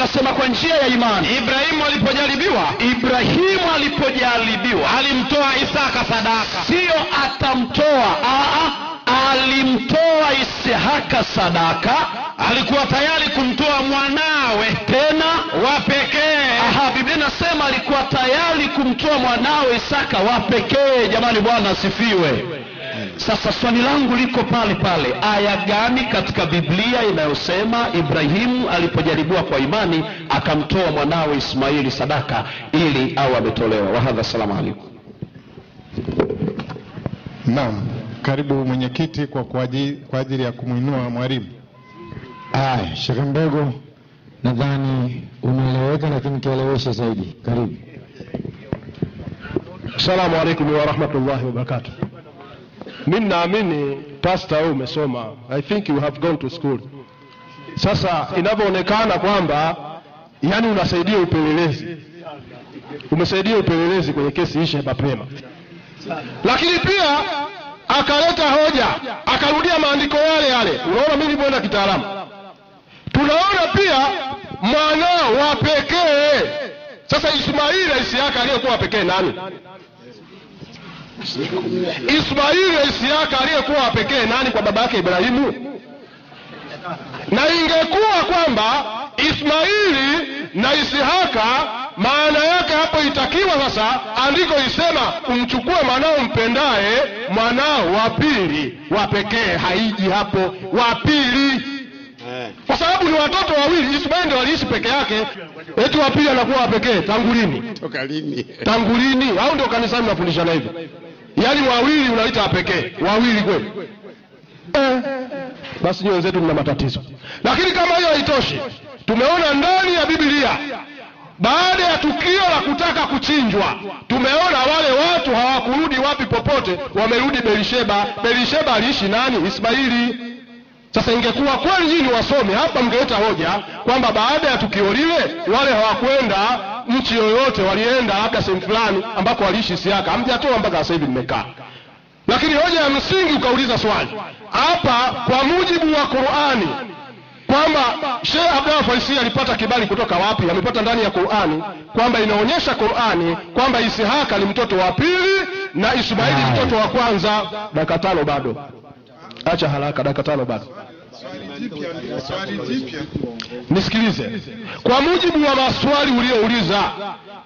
Biblia kwa njia ya imani. Ibrahimu alipojaribiwa, Ibrahimu alipojaribiwa alimtoa Isaka sadaka, sio atamtoa aa alimtoa Isihaka sadaka, alikuwa tayari kumtoa mwanawe tena wa pekee. Aha, Biblia inasema alikuwa tayari kumtoa mwanawe Isaka wa pekee. Jamani, Bwana asifiwe. Sasa swali langu liko pale pale, aya gani katika Biblia inayosema Ibrahimu alipojaribiwa kwa imani akamtoa mwanawe Ismaili sadaka ili au ametolewa? Wahadha, salamu alaikum. Naam, karibu mwenyekiti, kwa kwa ajili ya kumwinua mwalimu. Aya, Sheikh Mbego, nadhani umeeleweka, lakini kieleweshe zaidi. Karibu. Asalamu alaikum warahmatullahi wabarakatuh. Mimi naamini pastor wewe umesoma, I think you have gone to school. Sasa inavyoonekana kwamba yani unasaidia upelelezi, umesaidia upelelezi kwenye kesi ishe mapema, lakini pia akaleta hoja, akarudia maandiko yale yale. Unaona mimi nilivyoenda kitaalamu, tunaona pia mwanao wa pekee. Sasa Ismaili na Isihaka aliyekuwa pekee nani? Ismaili Isiaka aliyekuwa wa pekee nani kwa baba yake Ibrahimu? Na ingekuwa kwamba Ismaili na Isihaka maana yake hapo itakiwa sasa, andiko isema umchukue mwanao mpendaye, mwanao wa pili wa pekee. Haiji hapo, wa pili Eh. kwa sababu ni watoto wawili. Ismail ndio aliishi peke yake, eti wa pili anakuwa wa pekee. Tangu lini? Tangu lini? Au ndio kanisani mnafundishana hivi? Yaani wawili unaita wa pekee, wawili kweli? Eh, basi nyewe wenzetu mna matatizo. Lakini kama hiyo haitoshi, tumeona ndani ya Biblia baada ya tukio la kutaka kuchinjwa, tumeona wale watu hawakurudi wapi popote, wamerudi Berisheba. Berisheba aliishi nani? Ismaili. Sasa ingekuwa kweli nyinyi wasomi hapa, mngeleta hoja kwamba baada ya tukio lile wale hawakwenda nchi yoyote, walienda labda sehemu fulani ambako waliishi siaka, hamjatoa mpaka sasa hivi mmekaa. Lakini hoja ya msingi ukauliza swali hapa, kwa mujibu wa Qur'ani, kwamba Sheikh Abdallah Faisal alipata kibali kutoka wapi? Amepata ndani ya Qur'ani, kwamba inaonyesha Qur'ani kwamba Isihaka ni mtoto wa pili na Ismaili mtoto wa kwanza. Dakika tano bado acha haraka, dakika tano bado. Nisikilize, kwa mujibu wa maswali uliouliza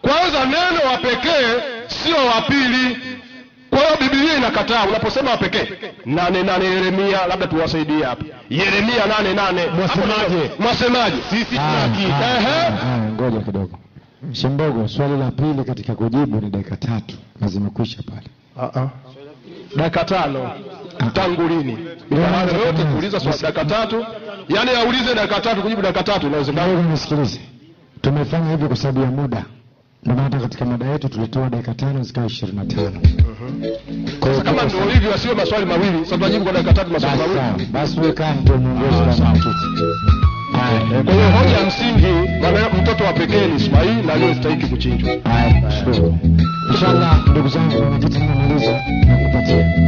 kwanza neno wa pekee sio wa pili. Kwa hiyo Biblia inakataa unaposema wa pekee nane nane Yeremia, labda tuwasaidie hapa. Yeremia nane nane mwasemaje? Mwasemaje? Sisi ah, tunahakika. Ah, Ehe, ah, ngoja kidogo Shimbogo, swali la pili katika kujibu ni dakika tatu na zimekwisha pale. Dakika tano tangu lini? Maana yote kuuliza swali dakika tatu, yani aulize dakika tatu kujibu dakika tatu, inawezekana. Nisikilize, tumefanya hivyo kwa sababu ya muda maana hata katika mada yetu tulitoa dakika tano zikawa ishirini na tano. Kama ndio hivyo, asiwe maswali mawili, sasa tunajibu kwa dakika tatu maswali mawili. Basi wewe kaa ndio mwongozo wa mtu. Kwa hiyo hoja ya msingi, mtoto wa pekee ni Ismail na leo aliyestahili kuchinjwa. Inshallah, ndugu zangu, mwenyekiti, namaliza na kupatia